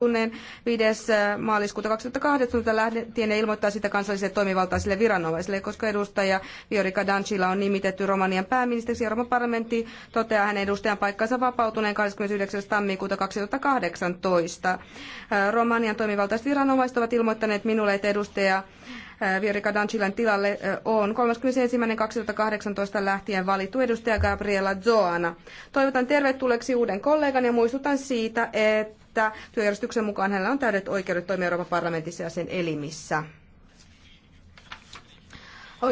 Tunnen 5. Äh, maaliskuuta 2018 lähtien ja ilmoittaa sitä kansallisille toimivaltaisille viranomaisille, koska edustaja Viorika Dancila on nimitetty Romanian pääministeriksi. Euroopan parlamentti toteaa hänen edustajan paikkansa vapautuneen 29. tammikuuta 2018. Äh, Romanian toimivaltaiset viranomaiset ovat ilmoittaneet minulle, että edustaja äh, Viorika Dancilan tilalle on 31.2018 lähtien valittu edustaja Gabriela Zoana. Toivotan tervetulleeksi uuden kollegan ja muistutan siitä, että että työjärjestyksen mukaan hänellä on täydet oikeudet toimia Euroopan parlamentissa ja sen elimissä.